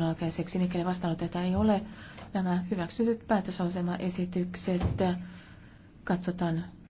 alkaiseksi, mikäli vastaanotetta ei ole. Nämä hyväksytyt päätösasemaesitykset katsotaan